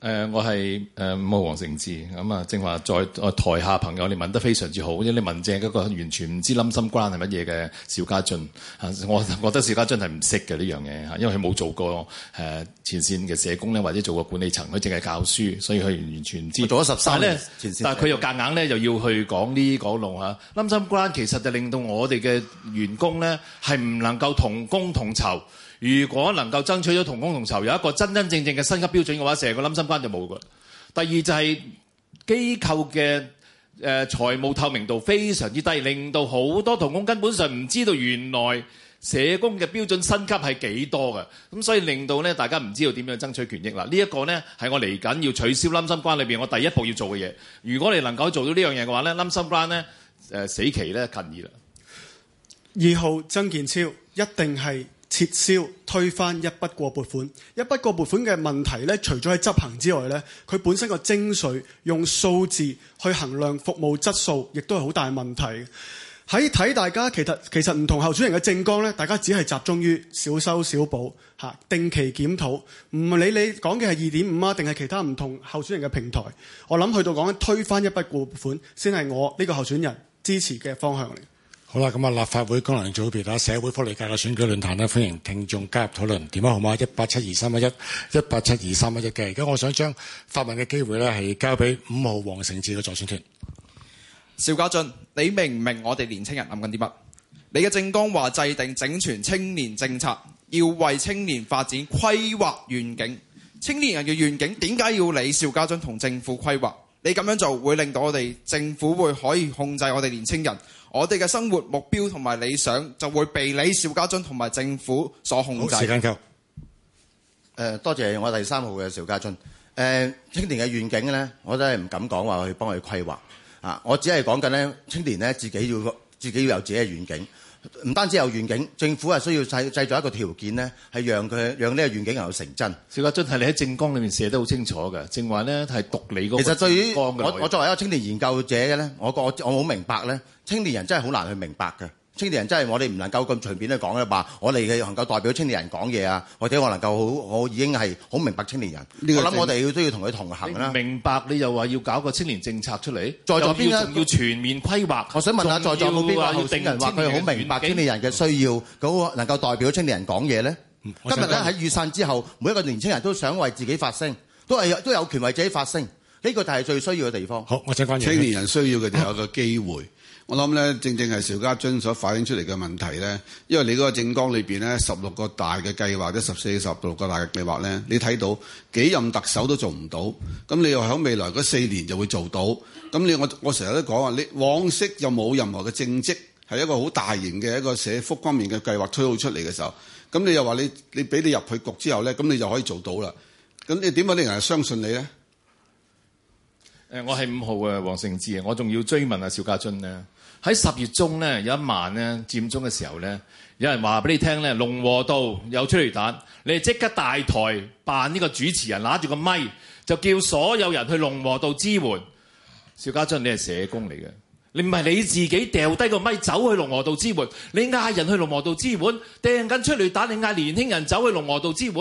誒、呃，我係誒五號黃成志咁啊！正話在、呃、台下朋友，你問得非常之好，因為你問正個個完全唔知冧心關係乜嘢嘅邵家俊。我覺得邵家俊係唔識嘅呢樣嘢，因為佢冇做過誒、呃、前線嘅社工咧，或者做過管理層，佢淨係教書，所以佢完全唔知。我做咗十三年。但呢前線但佢又夾硬咧，又要去講呢個路嚇。冧心關其實就令到我哋嘅員工咧係唔能夠同工同酬。如果能夠爭取咗同工同酬，有一個真真正正嘅薪級標準嘅話，成個冧心關就冇噶。第二就係機構嘅誒、呃、財務透明度非常之低，令到好多同工根本上唔知道原來社工嘅標準薪級係幾多㗎。咁所以令到咧大家唔知道點樣爭取權益啦。呢、這、一個呢係我嚟緊要取消冧心關裏面我第一步要做嘅嘢。如果你能夠做到樣呢樣嘢嘅話咧，冧心關咧、呃、死期咧近二啦。二號曾健超一定係。撤銷推翻一筆過撥款，一筆過撥款嘅問題咧，除咗喺執行之外咧，佢本身個精髓，用數字去衡量服務質素，亦都係好大問題。喺睇大家其，其實其實唔同候選人嘅政綱咧，大家只係集中於小修小補嚇，定期檢討，唔理你講嘅係二點五啊，定係其他唔同候選人嘅平台。我諗去到講推翻一筆過撥款，先係我呢、呢個候選人支持嘅方向。好啦，咁啊，立法會功能組別啦，社會福利界嘅選舉論壇啦，歡迎聽眾加入討論，電話號碼一八七二三一一，一八七二三一一嘅。而家我想將發問嘅機會咧，係交俾五號黃成志嘅助選團。邵家俊，你明唔明我哋年青人諗緊啲乜？你嘅政綱話制定整全青年政策，要為青年發展規劃願景。青年人嘅願景點解要你邵家俊同政府規劃？你咁樣做會令到我哋政府會可以控制我哋年輕人，我哋嘅生活目標同埋理想就會被你邵家臻同埋政府所控制。好，時間夠、呃。多謝我第三號嘅邵家臻。誒、呃，青年嘅願景呢，我真係唔敢講話去幫佢規劃啊！我只係講緊呢，青年呢，自己要自己要有自己嘅願景。唔單止有願景，政府係需要製作一個條件，呢係讓佢讓呢個願景能夠成真。小國真係你喺政綱裏面寫得好清楚㗎，正話呢係獨理嗰個綱嘅。其實對於我，我作為一個青年研究者嘅呢，我我我好明白呢，青年人真係好難去明白㗎。青年人真係我哋唔能夠咁隨便去講嘅話，我哋嘅能夠代表青年人講嘢啊，或者我能夠好，我已經係好明白青年人。我諗我哋都要同佢同行啦。明白你又話要搞個青年政策出嚟，在座邊呢？要全面規劃。我想問下，在座嗰邊話定話佢好明白青年人嘅需要，嗰個能夠代表青年人講嘢呢？今日呢喺雨傘之後，每一個年青人都想為自己發聲，都係有都有權為自己發聲。呢個就係最需要嘅地方。好，我請關傑。青年人需要嘅就有個機會。我諗呢，正正係邵家臻所反映出嚟嘅問題呢。因為你嗰個政綱裏面呢，十六個大嘅計劃或十四十六個大嘅計劃呢，你睇到幾任特首都做唔到，咁你又喺未來嗰四年就會做到，咁你我我成日都講話，你往昔又冇任何嘅政績係一個好大型嘅一個社福方面嘅計劃推到出嚟嘅時候，咁你又話你你俾你入去局之後呢，咁你就可以做到啦，咁你點解令人係相信你呢？誒，我係五號啊，黃成志啊！我仲要追問啊，邵家俊呢。咧，喺十月中咧有一晚咧佔中嘅時候咧，有人話俾你聽咧，龍和道有出催淚彈，你即刻大台扮呢個主持人，拿住個咪，就叫所有人去龍和道支援。邵家俊，你係社工嚟嘅，你唔係你自己掉低個咪走去龍和道支援，你嗌人去龍和道支援，掟緊催淚彈，你嗌年輕人走去龍和道支援。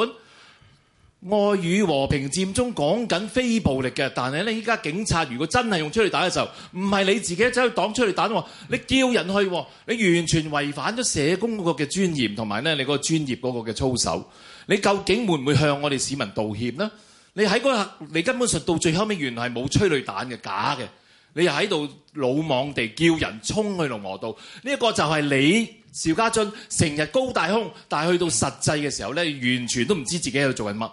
愛與和平佔中講緊非暴力嘅，但係咧依家警察如果真係用催淚彈嘅時候，唔係你自己走去擋催淚彈喎，你叫人去喎，你完全違反咗社工嗰個嘅專業同埋咧你個專業嗰個嘅操守。你究竟會唔會向我哋市民道歉呢？你喺嗰刻你根本上到最後尾原來係冇催淚彈嘅假嘅，你又喺度魯莽地叫人衝去龍和道，呢一個就係你邵家俊成日高大空，但係去到實際嘅時候咧，你完全都唔知自己喺度做緊乜。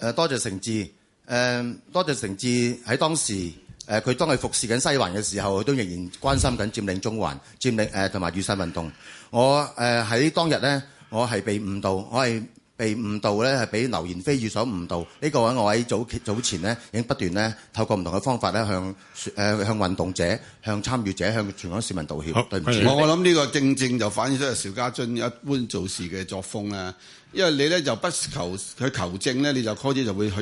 誒多謝成志，誒、嗯、多謝成志喺當時，誒、呃、佢當佢服侍緊西環嘅時候，都仍然關心緊佔領中環、佔領誒同埋雨傘運動。我誒喺、呃、當日咧，我係被誤導，我係被誤導咧，係俾流言蜚語所誤導。呢、這個我喺早早前咧，已經不斷咧透過唔同嘅方法咧向、呃、向運動者、向參與者、向全港市民道歉，好對唔住。的我我諗呢個正正就反映出邵家臻一般做事嘅作風啊。因為你呢，就不求去求證呢，你就開始就會去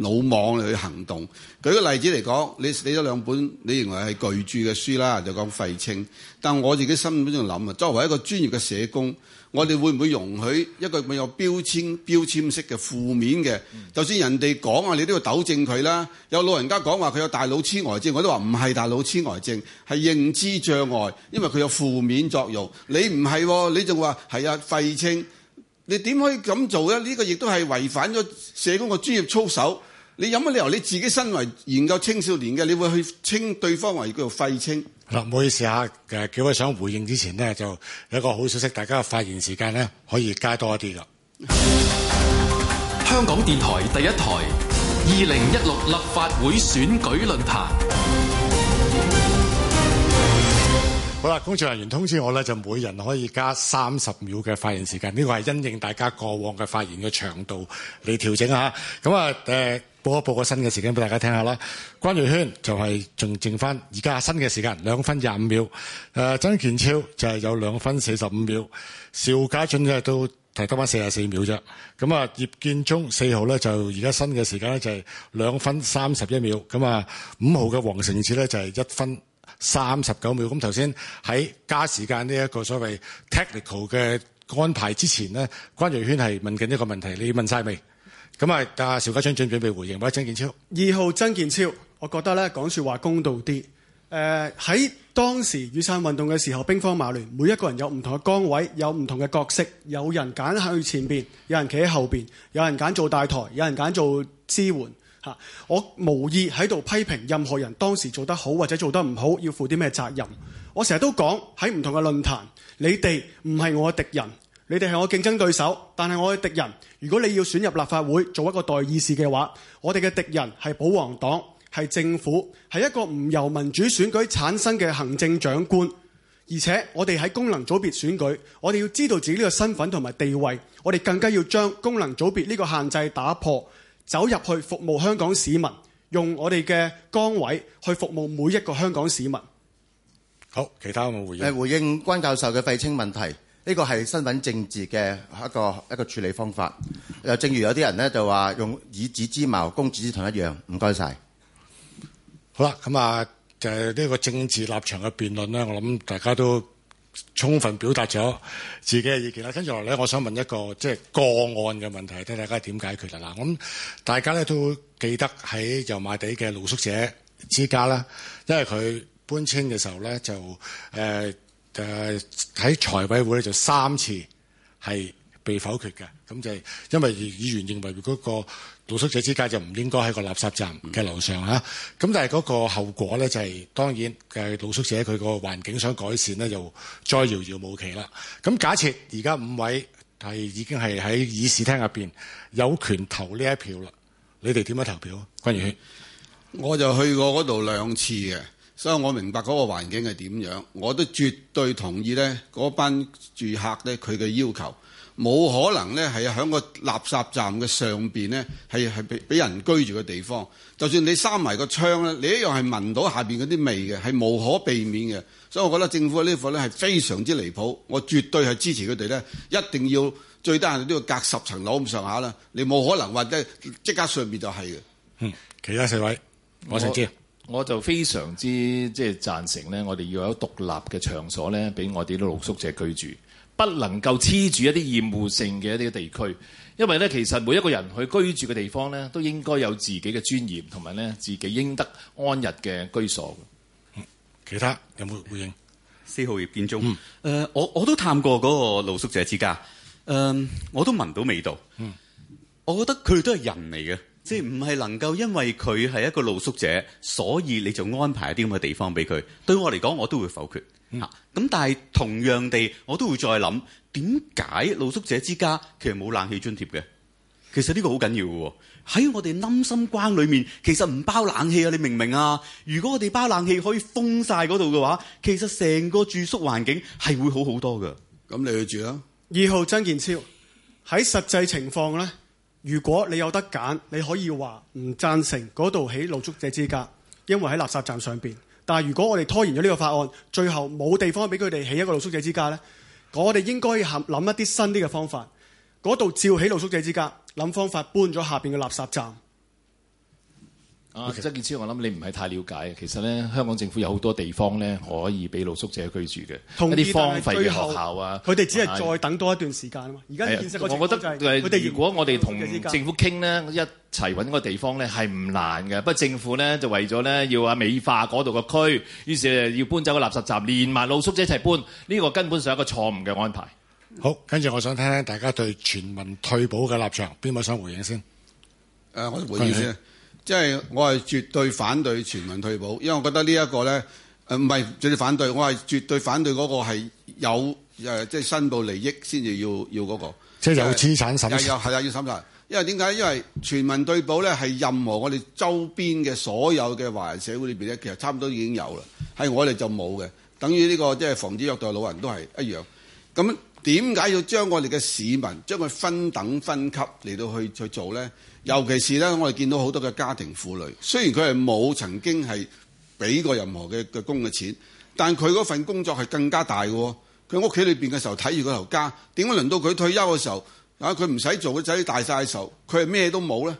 魯莽去行動。舉個例子嚟講，你寫了兩你咗兩本你認為係巨著嘅書啦，就講廢青。但我自己心裏面就諗，作為一個專業嘅社工，我哋會唔會容許一個咁有標籤標籤式嘅負面嘅？就算人哋講啊，你都要糾正佢啦。有老人家講話佢有大腦痴呆症，我都話唔係大腦痴呆症，係認知障礙，因為佢有負面作用。你唔係、哦，你就話係啊廢青？廢清你點可以咁做咧？呢、這個亦都係違反咗社工嘅專業操守。你有乜理由你自己身為研究青少年嘅，你會去稱對方為叫做廢青？嗱、嗯，唔好意思嚇，誒幾位想回應之前呢，就有一個好消息，大家嘅發言時間咧可以加多一啲喇。香港電台第一台二零一六立法會選舉論壇。好啦，工作人員通知我咧，就每人可以加三十秒嘅發言時間。呢個係因應大家過往嘅發言嘅長度嚟調整吓。咁啊，誒，報一報個新嘅時間俾大家聽下啦。關瑞軒就係仲剩翻，而家新嘅時間兩分廿五秒。誒，曾健超就係有兩分四十五秒。邵家俊咧都提得翻四十四秒啫。咁啊，葉建忠四號咧就而家新嘅時間咧就係兩分三十一秒。咁啊，五號嘅黃成智咧就係一分。三十九秒。咁頭先喺加時間呢一個所謂 technical 嘅安排之前呢，關注圈係問緊一個問題，你問晒未？咁啊，阿邵家聰俊準準備回應？喂，係曾健超。二號曾健超，我覺得咧講説話公道啲。誒、呃、喺當時雨傘運動嘅時候，兵荒馬亂，每一個人有唔同嘅崗位，有唔同嘅角色，有人揀去前面，有人企喺後面；有人揀做大台，有人揀做支援。我無意喺度批評任何人當時做得好或者做得唔好，要負啲咩責任？我成日都講喺唔同嘅論壇，你哋唔係我嘅敵人，你哋係我競爭對手，但係我嘅敵人。如果你要選入立法會做一個代議士嘅話，我哋嘅敵人係保皇黨，係政府，係一個唔由民主選舉產生嘅行政長官。而且我哋喺功能組別選舉，我哋要知道自己呢個身份同埋地位，我哋更加要將功能組別呢個限制打破。走入去服務香港市民，用我哋嘅崗位去服務每一個香港市民。好，其他有冇回應？誒，回應關教授嘅廢青問題，呢個係身份政治嘅一個一個處理方法。正如有啲人咧就話用以子之矛攻子之盾一樣，唔該晒。好啦，咁啊，就係呢個政治立場嘅辯論咧，我諗大家都。充分表達咗自己嘅意見啦，跟住落嚟咧，我想問一個即係個案嘅問題，睇大家點解決啦。咁大家咧都記得喺油麻地嘅露宿者之家啦，因為佢搬遷嘅時候咧就誒誒喺財委會咧就三次係被否決嘅。咁就係因為議員認為，嗰個露宿者之家就唔應該喺個垃圾站嘅樓上嚇。咁、嗯、但係嗰個後果咧就係、是、當然嘅露宿者佢個環境想改善咧，就再遙遙無期啦。咁假設而家五位係已經係喺議事廳入面，有權投呢一票啦，你哋點樣投票啊？關於我就去過嗰度兩次嘅，所以我明白嗰個環境係點樣。我都絕對同意咧，嗰班住客咧佢嘅要求。冇可能咧，係喺個垃圾站嘅上邊咧，係係俾俾人居住嘅地方。就算你閂埋個窗咧，你一樣係聞到下邊嗰啲味嘅，係無可避免嘅。所以，我覺得政府呢一步咧係非常之離譜，我絕對係支持佢哋咧，一定要最低限都要隔十層樓咁上下啦。你冇可能話即即刻上面就係、是、嘅。嗯，其他四位，我想知我。我就非常之即係贊成咧，我哋要有獨立嘅場所咧，俾我哋啲露宿者居住。嗯不能夠黐住一啲厭惡性嘅一啲地區，因為咧其實每一個人去居住嘅地方咧，都應該有自己嘅尊嚴同埋咧自己應得安逸嘅居所。其他有冇回應？四號業建築誒，嗯 uh, 我我都探過嗰個露宿者之家，誒、uh, 我都聞到味道，嗯、我覺得佢都係人嚟嘅。即係唔係能夠因為佢係一個露宿者，所以你就安排一啲咁嘅地方俾佢？對我嚟講，我都會否決。咁、嗯、但係同樣地，我都會再諗，點解露宿者之家其實冇冷氣津貼嘅？其實呢個好緊要嘅喎。喺我哋冧心關裏面，其實唔包冷氣啊！你明唔明啊？如果我哋包冷氣，可以封晒嗰度嘅話，其實成個住宿環境係會好好多㗎。咁你去住啦。二號曾健超喺實際情況咧。如果你有得揀，你可以話唔贊成嗰度起露宿者之家，因為喺垃圾站上面。但如果我哋拖延咗呢個法案，最後冇地方俾佢哋起一個露宿者之家呢，我哋應該諗一啲新啲嘅方法，嗰度照起露宿者之家，諗方法搬咗下面嘅垃圾站。Okay. 啊，曾建超，我諗你唔係太了解。其實咧，香港政府有好多地方咧、嗯、可以俾露宿者居住嘅，通知 一啲荒廢嘅學校啊。佢哋只係再等多一段時間啊嘛。而家現實個情況就係，佢哋如果我哋同政府傾咧，一齊揾個地方咧係唔難嘅。不過政府咧就為咗咧要啊美化嗰度個區，於是要搬走個垃圾站，連埋露宿者一齊搬。呢、呢個根本上係一個錯誤嘅安排。好，跟住我想聽聽大家對全民退保嘅立場，邊位想回應先？誒、啊，我回應先。因係我係絕對反對全民退保，因為我覺得呢、這、一個呢，誒唔係絕對反對，我係絕對反對嗰個係有誒，即、就、係、是、申報利益先至要要嗰、那個，即係有資產審查係啊，要審查。因為點解？因為全民退保呢，係任何我哋周邊嘅所有嘅華人社會裏邊呢，其實差唔多已經有啦，喺我哋就冇嘅，等於呢、這個即係、就是、防止虐待老人都係一樣咁。點解要將我哋嘅市民將佢分等分級嚟到去去做咧？尤其是咧，我哋見到好多嘅家庭婦女，雖然佢係冇曾經係俾過任何嘅嘅工嘅錢，但佢嗰份工作係更加大嘅喎。佢喺屋企裏面嘅時候睇住嗰頭家，點解輪到佢退休嘅時候啊，佢唔使做，個仔大晒嘅時候，佢係咩都冇咧？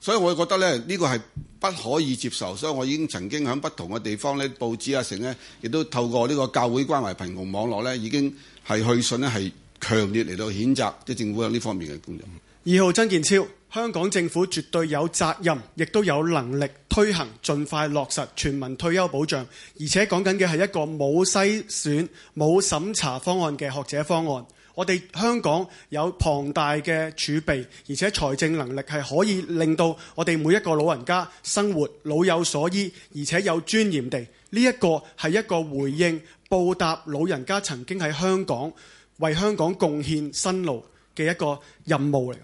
所以我覺得呢個係不可以接受，所以我已經曾經喺不同嘅地方咧，報紙啊成，成呢亦都透過呢個教會關懷貧窮網絡呢，已經係去信呢係強烈嚟到譴責即政府有呢方面嘅工作。二號曾健超，香港政府絕對有責任，亦都有能力推行，盡快落實全民退休保障，而且講緊嘅係一個冇篩選、冇審查方案嘅學者方案。我哋香港有龐大嘅儲備，而且財政能力係可以令到我哋每一個老人家生活老有所依，而且有尊嚴地。呢一個係一個回應報答老人家曾經喺香港為香港貢獻辛勞嘅一個任務嚟。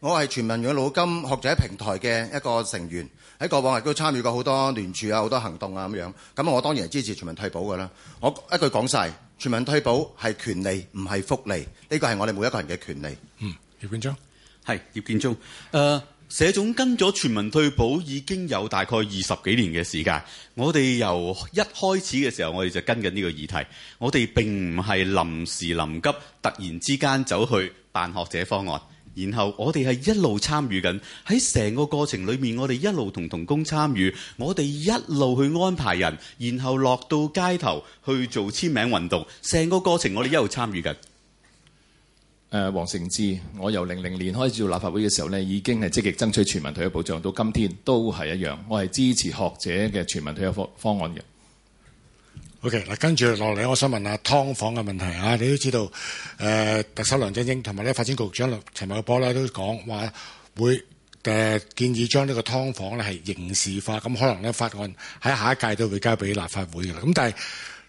我係全民養老金學者平台嘅一個成員，喺過往亦都參與過好多聯署啊、好多行動啊咁樣。咁我當然係支持全民退保㗎啦。我一句講晒。全民退保係權利，唔係福利。呢個係我哋每一個人嘅權利。嗯，葉建章係葉建章。誒、呃，社總跟咗全民退保已經有大概二十幾年嘅時間。我哋由一開始嘅時候，我哋就跟緊呢個議題。我哋並唔係臨時臨急，突然之間走去辦學者方案。然後我哋係一路參與緊，喺成個過程裏面我們，我哋一路同同工參與，我哋一路去安排人，然後落到街頭去做簽名運動，成個過程我哋一路參與緊。誒，黃成智，我由零零年開始做立法會嘅時候呢，已經係積極爭取全民退休保障，到今天都係一樣，我係支持學者嘅全民退休方方案嘅。OK，嗱，跟住落嚟，我想問下劏房嘅問題啊！你都知道，誒、呃，特首梁振英同埋咧發展局長陳茂波咧都講話會誒建議將呢個劏房咧係刑事化，咁可能咧法案喺下一屆都會交俾立法會嘅啦。咁但係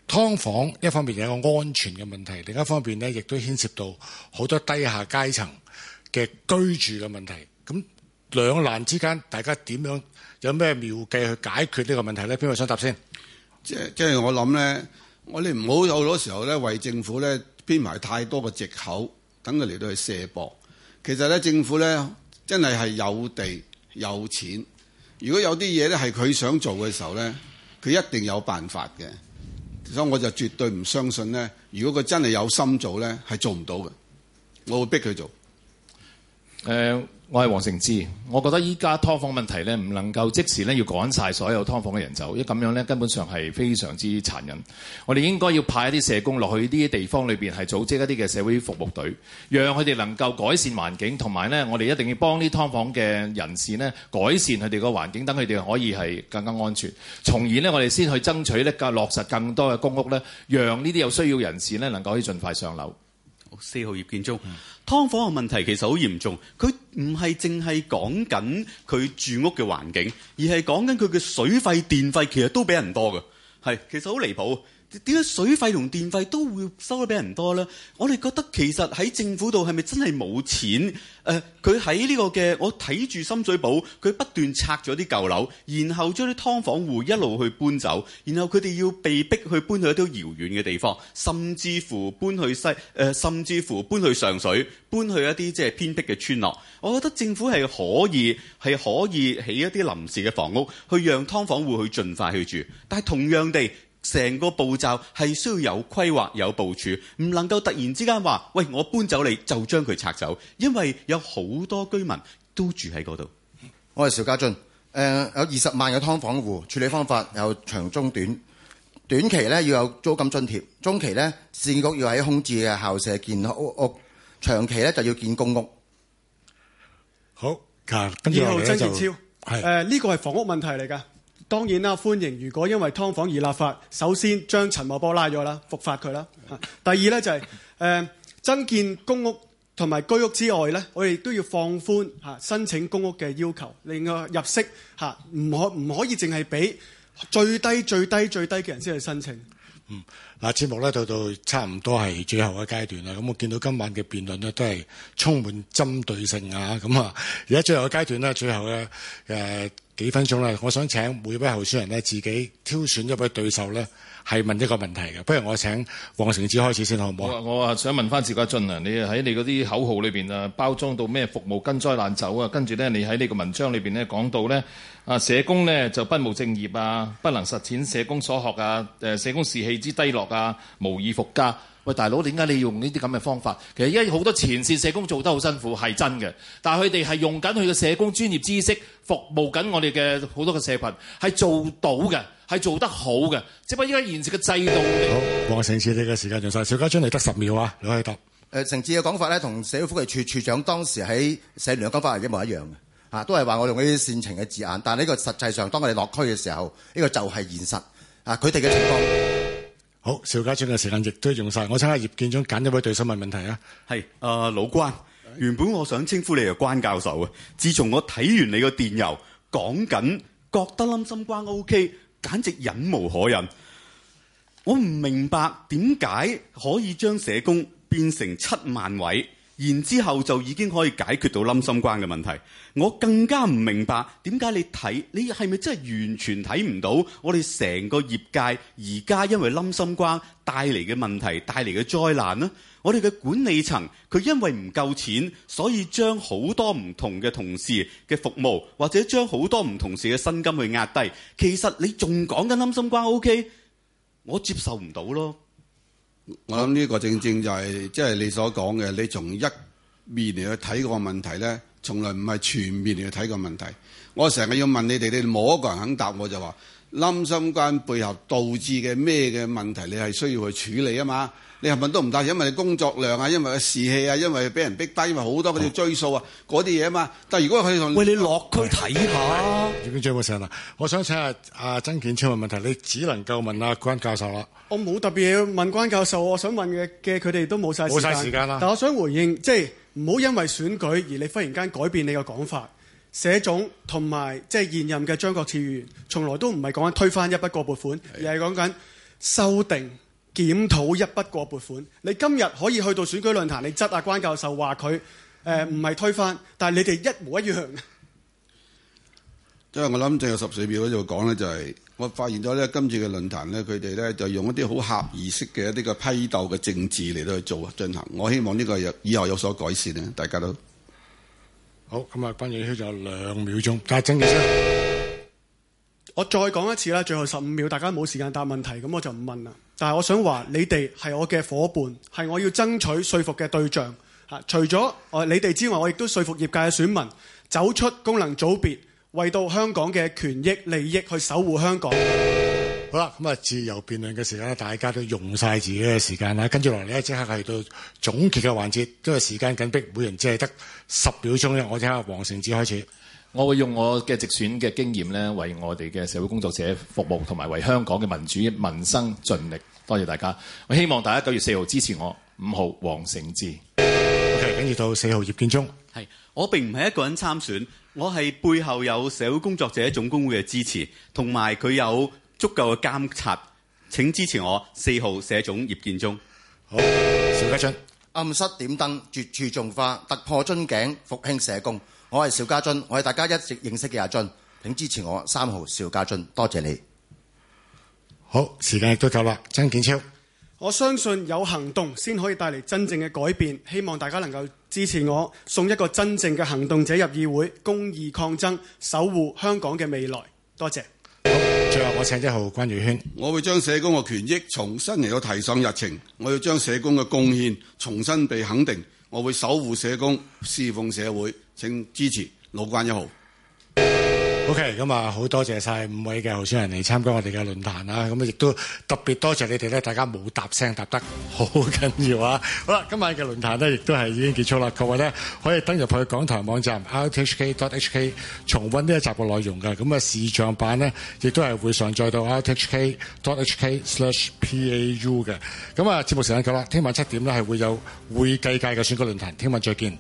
劏房一方面有一個安全嘅問題，另一方面咧亦都牽涉到好多低下階層嘅居住嘅問題。咁兩難之間，大家點樣有咩妙計去解決呢個問題咧？邊位想答先？即即係我諗呢，我哋唔好有好多時候呢為政府呢編埋太多個藉口，等佢嚟到去卸膊。其實呢，政府呢真係係有地有錢。如果有啲嘢呢係佢想做嘅時候呢，佢一定有辦法嘅。所以我就絕對唔相信呢，如果佢真係有心做呢，係做唔到嘅。我會逼佢做。誒，uh, 我係黃成之。我覺得依家劏房問題咧，唔能夠即時咧要趕晒所有劏房嘅人走，因為咁樣咧根本上係非常之殘忍。我哋應該要派一啲社工落去呢啲地方裏面，係組織一啲嘅社會服務隊，讓佢哋能夠改善環境，同埋咧我哋一定要幫啲劏房嘅人士呢改善佢哋個環境，等佢哋可以係更加安全。從而呢，我哋先去爭取呢個落實更多嘅公屋呢讓呢啲有需要人士呢能夠可以盡快上樓。四號葉建中，劏房嘅問題其實好嚴重，佢唔係淨係講緊佢住屋嘅環境，而係講緊佢嘅水費、電費，其實都比人多㗎，係其實好離譜。點解水費同電費都會收得比人多呢？我哋覺得其實喺政府度係咪真係冇錢？誒、呃，佢喺呢個嘅，我睇住深水埗，佢不斷拆咗啲舊樓，然後將啲劏房戶一路去搬走，然後佢哋要被逼去搬去一啲遙遠嘅地方，甚至乎搬去西誒、呃，甚至乎搬去上水，搬去一啲即係偏僻嘅村落。我覺得政府係可以係可以起一啲臨時嘅房屋，去讓劏房戶去儘快去住，但同樣地。成個步驟係需要有規劃、有部署，唔能夠突然之間話：喂，我搬走你，就將佢拆走，因為有好多居民都住喺嗰度。我係邵家俊，誒、呃、有二十萬嘅㓥房戶處理方法有長中短，短期咧要有租金津貼，中期呢，市建局要喺空置嘅校舍建屋，長期咧就要建公屋。好，然後，呢曾志超，誒，呢個係房屋問題嚟㗎。當然啦，歡迎。如果因為劏房而立法，首先將陳茂波拉咗啦，伏法佢啦。第二呢，就係、是、誒、呃、增建公屋同埋居屋之外呢，我哋都要放寬嚇、啊、申請公屋嘅要求，令佢入息嚇唔可唔可以淨係俾最低最低最低嘅人先去申請。嗯，嗱，節目呢，到到差唔多係最後嘅階段啦。咁我見到今晚嘅辯論呢，都係充滿針對性啊。咁啊，而家最後嘅階段呢，最後呢。誒、呃。幾分鐘啦，我想請每位候選人呢，自己挑選一位對手呢，係問一個問題嘅。不如我請黃成智開始先，好唔好？我啊想問翻趙家俊啊，你喺你嗰啲口號裏面啊，包裝到咩服務跟災難走啊？跟住呢，你喺你個文章裏面呢，講到呢，啊社工呢就不務正業啊，不能實踐社工所學啊，誒社工士氣之低落啊，無以復加。喂，大佬，點解你用呢啲咁嘅方法？其實依家好多前線社工做得好辛苦，係真嘅。但係佢哋係用緊佢嘅社工專業知識服務緊我哋嘅好多嘅社群，係做到嘅，係做得好嘅。只不過依家現時嘅制度，好，黃成智，你嘅時間用曬，小家將嚟得十秒啊，你可以答。誒、呃，成智嘅講法咧，同社會福利署署長當時喺社聯嘅講法係一模一樣嘅。嚇、啊，都係話我用啲煽情嘅字眼，但係呢個實際上，當我哋落區嘅時候，呢、這個就係現實。嚇、啊，佢哋嘅情況。好，邵家將嘅時間亦都用晒，我請阿葉建章揀一位對手問問題啊。係，誒、呃，老關，原本我想稱呼你係關教授啊。自從我睇完你個電郵講緊，覺得冧心關 O、OK, K，簡直忍無可忍。我唔明白點解可以將社工變成七萬位。然之後就已經可以解決到冧心關嘅問題。我更加唔明白點解你睇，你係咪真係完全睇唔到我哋成個業界而家因為冧心關帶嚟嘅問題帶嚟嘅災難呢？我哋嘅管理層，佢因為唔夠錢，所以將好多唔同嘅同事嘅服務或者將好多唔同事嘅薪金去壓低。其實你仲講緊冧心關 OK，我接受唔到咯。我諗呢個正正就係即係你所講嘅，你從一面嚟去睇個問題咧，從來唔係全面嚟去睇個問題。我成日要問你哋，你哋冇一個人肯答，我就話冧心關背後導致嘅咩嘅問題，你係需要去處理啊嘛。你問都唔答，因為工作量啊，因為個士氣啊，因為俾人逼低，因為好多嗰啲追數啊，嗰啲嘢啊嘛。但係如果佢同你落區睇下。最緊我想請下、啊、阿、啊、曾健超問問題，你只能夠問阿、啊、關教授啦。我冇特別要問關教授，我想問嘅嘅佢哋都冇晒冇曬時間啦。但我想回應，即係唔好因為選舉而你忽然間改變你嘅講法。社總同埋即係現任嘅張國柱議員，從來都唔係講緊推翻一筆過撥款，而係講緊修訂。檢討一筆過撥款，你今日可以去到選舉論壇，你質阿關教授話佢誒唔係推翻，但係你哋一模一樣。即係我諗，仲有十四秒喺度講咧，就係、是、我發現咗呢，今次嘅論壇咧，佢哋咧就用一啲好狹義式嘅一啲嘅批鬥嘅政治嚟到去做進行。我希望呢個以後有所改善咧，大家都好。咁啊，關永超就兩秒鐘，阿鄭永超。我再講一次啦，最後十五秒，大家冇時間答問題，咁我就唔問啦。但係我想話，你哋係我嘅伙伴，係我要爭取說服嘅對象。除咗你哋之外，我亦都說服業界嘅選民走出功能組別，為到香港嘅權益利益去守護香港。好啦，咁啊，自由辯論嘅時間啦，大家都用晒自己嘅時間啦。跟住落嚟咧，即刻係到總結嘅環節，都係時間緊迫，每人只係得十秒鐘咧。我請阿黃成志開始。我會用我嘅直選嘅經驗咧，為我哋嘅社會工作者服務，同埋為香港嘅民主民生盡力。多謝大家！我希望大家九月四號支持我。五號黃成志，跟住、okay, 到四號葉建忠。係，我並唔係一個人參選，我係背後有社會工作者總工會嘅支持，同埋佢有足夠嘅監察。請支持我四號社總葉建忠。好，邵家俊，暗室點燈，絕處種花，突破樽頸，復興社工。我係邵家俊，我係大家一直認識嘅阿俊。請支持我，三號邵家俊，多謝你。好，時間亦都夠啦，曾健超。我相信有行動先可以帶嚟真正嘅改變，希望大家能夠支持我，送一個真正嘅行動者入議會，公義抗爭，守護香港嘅未來。多謝。好，最後我請一號關裕軒，我會將社工嘅權益重新嚟到提上日程，我要將社工嘅貢獻重新被肯定。我會守護社工，侍奉社會，請支持老關一號。OK，咁啊，好多謝晒五位嘅候選人嚟參加我哋嘅論壇啦。咁啊，亦都特別多謝你哋咧，大家冇答聲答得好緊要啊！好啦，今晚嘅論壇咧，亦都係已經結束啦。各位咧，可以登入去港台網站 rthk.hk 重溫呢一集嘅內容嘅。咁啊，視像版咧，亦都係會上載到 rthk.hk/pau 嘅。咁啊，那個、節目時間夠啦，聽晚七點咧係會有會計界嘅選舉論壇，聽晚再見。